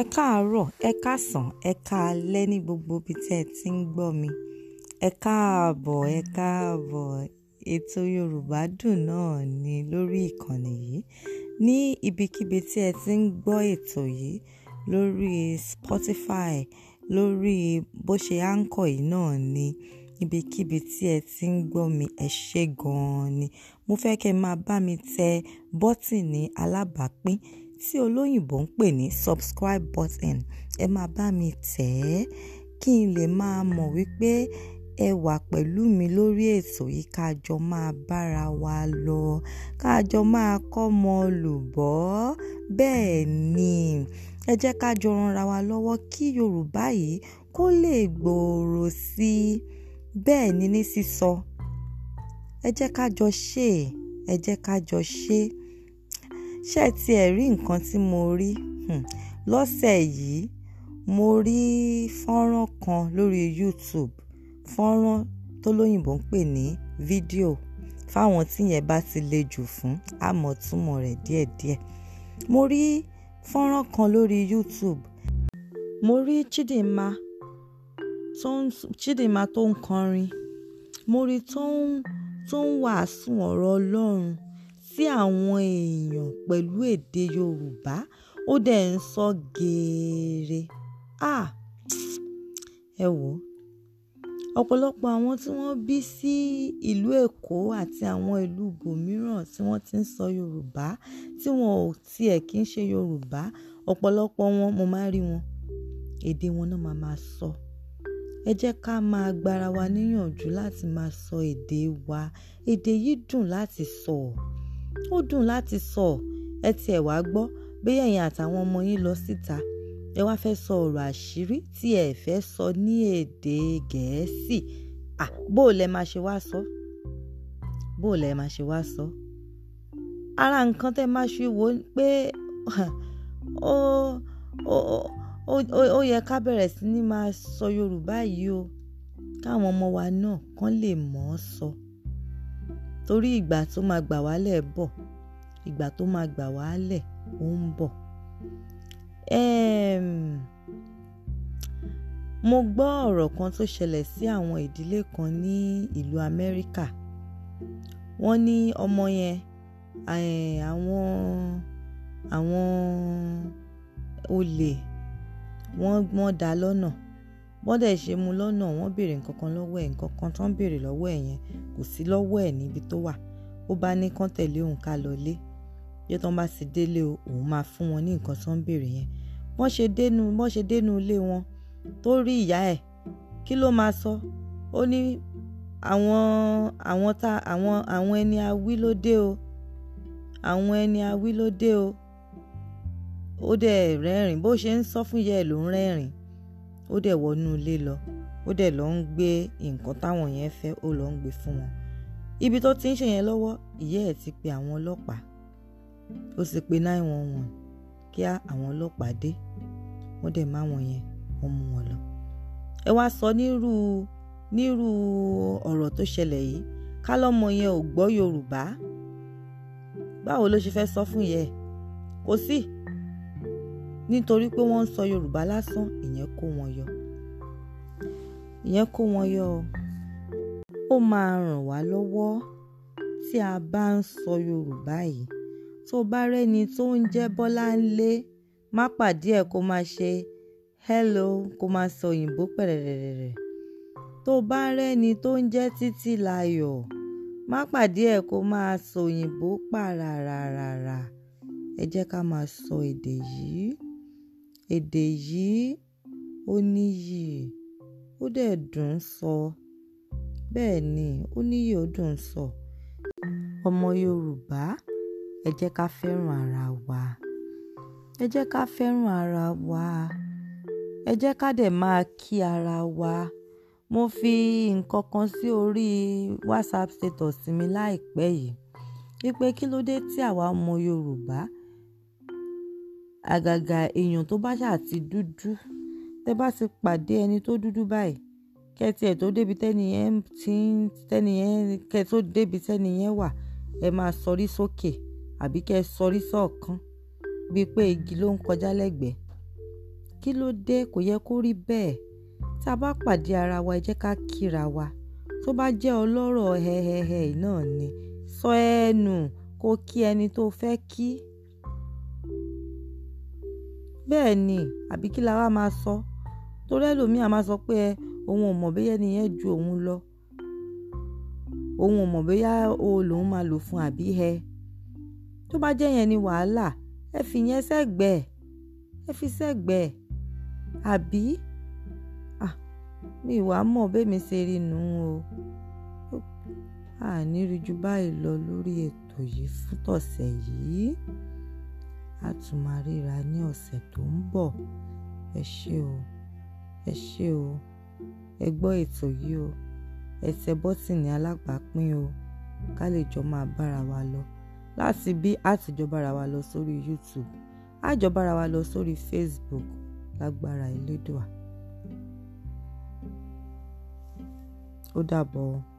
ẹ káàárọ̀ ẹ káàsán ẹ káalẹ́ ní gbogbo ibi tẹ́ ẹ ti ń gbọ́ mi ẹ káàbọ̀ ẹ káàbọ̀ ètò Yorùbá dùn náà ni lórí ìkànnì yìí ní ibikíbi tí ẹ ti ń gbọ́ ètò yìí lórí Spotify lórí bó ṣe áńkọ̀ yìí náà ni ibikíbi tí ẹ ti ń gbọ́ mi ẹ ṣé gan-an ni mo fẹ́ kẹ́ máa bá mi tẹ bọ́tìnì alábàápín tí olóyìnbó ń pè ní subscribe button. Ẹ máa bá mi tẹ̀ ẹ́ kí n lè máa mọ̀ wípé ẹ wà pẹ̀lú mi lórí ètò yìí ká jọ máa bára wa lọ, ká jọ máa kọ́mọ lùbọ́. Bẹ́ẹ̀ ni, ẹ jẹ́ ká jọ ranra wa lọ́wọ́ kí Yorùbá yìí kó lè gbòòrò sí i. Bẹ́ẹ̀ ni ní sísọ. Ẹ jẹ́ ká jọ ṣe, ẹ jẹ́ ká jọ ṣe ṣé tiẹ̀ rí nǹkan tí mo rí hmm. lọ́sẹ̀ yìí mo rí fọ́nrán kan lórí YouTube fọ́nrán tó lóyìnbó ń pè ní fídíò fáwọn tíyẹn bá ti le jù fún àmọ̀túnmọ̀ rẹ̀ díẹ̀díẹ̀ mo rí fọ́nrán kan lórí YouTube mo rí Chidinma tó ń Chidinma tó ń kọrin mo rí tó ń tó ń wàásù ọ̀rọ̀ Ọlọ́run sí àwọn èèyàn pẹ̀lú èdè Yorùbá ó dẹ̀ ń sọ geere ah ẹ wò ó ọ̀pọ̀lọpọ̀ àwọn tí wọ́n bí sí ìlú Èkó àti àwọn ìlú ibòmíràn tí wọ́n ti ń sọ Yorùbá tí wọn ò tiẹ̀ kí ń ṣe Yorùbá ọ̀pọ̀lọpọ̀ wọn mo máa rí wọn èdè wọn náà máa máa sọ ẹ jẹ́ ká máa gbára wa níyànjú láti máa sọ èdè wa èdè yìí dùn láti sọ ọ́ ó dùn láti sọ ẹ ti ẹ̀ wá gbọ́ bóyá ẹ̀yin àtàwọn ọmọ yín lọ síta ẹ wá fẹ́ sọ ọ̀rọ̀ àṣírí tí ẹ fẹ́ sọ ní èdè gẹ̀ẹ́sì à bó lẹ máa ṣe wá sọ bó lẹ máa ṣe wá sọ ara nǹkan tẹ́ máa ṣe wò pé ó ó yẹ ká bẹ̀rẹ̀ sí ní máa sọ Yorùbá yìí o káwọn ọmọ wa náà kán lè mọ̀ ọ́ sọ. So torí ìgbà tó máa gbà wálẹ̀ bọ̀ ìgbà tó máa gbà wálẹ̀ ó ń bọ̀. Um, mo gbọ́ ọ̀rọ̀ kan tó ṣẹlẹ̀ sí àwọn ìdílé kan ní ìlú Amẹ́ríkà wọ́n ní ọmọ yẹn eh, àwọn àwọn olè wọ́n gbọ́n dá lọ́nà. No bọ́n dẹ̀ ṣe mú lọ́nà wọ́n béèrè nǹkan kan lọ́wọ́ ẹ̀ nǹkan kan tó ń béèrè lọ́wọ́ ẹ̀ yẹn kò sí lọ́wọ́ ẹ̀ níbi tó wà ó bá ní kán tẹ̀lé òun ká lọ lé yóò tán bá sì délé o òun máa fún wọn ní nǹkan tó ń béèrè yẹn bọ́n ṣe dénú bọ́n ṣe dénú ilé wọn tó rí ìyá ẹ̀ kí ló máa sọ ó ní àwọn àwọn tá àwọn àwọn ẹni awí ló dé o àwọn ẹni awí ló dé o ó dẹ̀ rẹ́rìn bó ṣe ń sọ fún ìyá ẹ̀ ló ń rẹ́rìn ó dẹ̀ wọnú ilé lọ ó dẹ̀ lọ ń gbé nǹkan táwọn yẹn fẹ́ ó lọ ń gbé fún wọn ibi tó ti ń ṣe yẹn lọ́wọ́ ìyá ẹ̀ ti pe àwọn ọlọ́pàá ó sì pe nine one one kíá àwọn ọlọ́pàá dé wọ́n dẹ̀ má wọn yẹn wọ́n mú wọn lọ. ẹ wá sọ nírú nírú ọ̀rọ̀ tó ṣẹlẹ̀ yìí kálọ́mọ yẹn ò gbọ́ Yorùbá báwo ló ṣe fẹ́ sọ fún yẹ kò sí nítorí pé wọ́n ń sọ Yorùbá lásán ìyẹn kó wọn yọ ìyẹn kó wọn yọ ó máa ràn wá lọ́wọ́ tí a bá ń sọ Yorùbá yìí tó bá rẹ́ni tó ń jẹ́ Bọ́láńlé má pàdé ẹ̀ kó máa ṣe hello kó máa sọ òyìnbó pẹ̀rẹ̀rẹ̀rẹ̀ tó bá rẹ́ni tó ń jẹ́ Títílayọ̀ má pàdé ẹ̀ kó máa sọ òyìnbó pàràràràrà ẹ jẹ́ ká máa sọ èdè yìí. Èdè yìí ó níyì, ó dẹ̀ dùn sọ. Bẹ́ẹ̀ ni, ó níyì ó dùn sọ. Ọmọ Yorùbá, ẹ jẹ́ ká fẹ́ràn ara wa. Ẹ jẹ́ ká fẹ́ràn ara wa. Ẹ jẹ́ ká dẹ̀ máa kí ara wa. Mo fi nǹkan kan sí orí WhatsApp status mi láìpẹ́ yìí. Wípé kí ló dé tí àwa ọmọ Yorùbá àgàgà èèyàn tó bá ṣáà ti dúdú tẹ́ bá ti pàdé ẹni tó dúdú báyìí kẹ́tì ẹ̀ tó débi tẹ́ni yẹn ti ń tẹ́ni yẹn kẹ́ tó débi tẹ́ni yẹn wà ẹ máa sọrí sókè àbí kẹ́ sọrí sọ̀kan bíi pé igi ló ń kọjá lẹ́gbẹ̀ẹ́ kí ló dé kò yẹ kó rí bẹ́ẹ̀ tá a bá pàdé ara wa ẹ jẹ́ ká kíra wa tó bá jẹ́ ọlọ́rọ̀ hẹ́hẹ́hẹ́ náà ni sọ ẹ́ nù kó kí ẹni tó fẹ́ kí bẹ́ẹ̀ ni àbí kí la wá máa sọ torí ẹlòmíì a máa sọ pé òun ò mọ̀ bóyá ẹni yẹn ju òun lọ òun ò mọ̀ bóyá o lòun máa lò fún àbí ẹ tó bá jẹ́ yẹn ni wàhálà ẹ fi yẹn sẹ́gbẹ̀ẹ́ ẹ fi sẹ́gbẹ̀ẹ́ àbí mi wàá mọ̀ bẹ́mi ṣe rí nù o àní rí ju báyìí lọ lórí ètò yìí fún tọ̀sẹ̀ yìí a tún máa ríra ní ọ̀sẹ̀ tó ń bọ̀ ẹ ṣé o ẹ ṣé o ẹ gbọ́ ètò yìí o ẹ tẹ bọ́tìnì alápàápín o ká lè jọ máa bára wa lọ láti bí àtijọ́ bára wa lọ sórí YouTube àjọ bára wa lọ sórí Facebook lágbára elédùà ó dàbọ̀ o.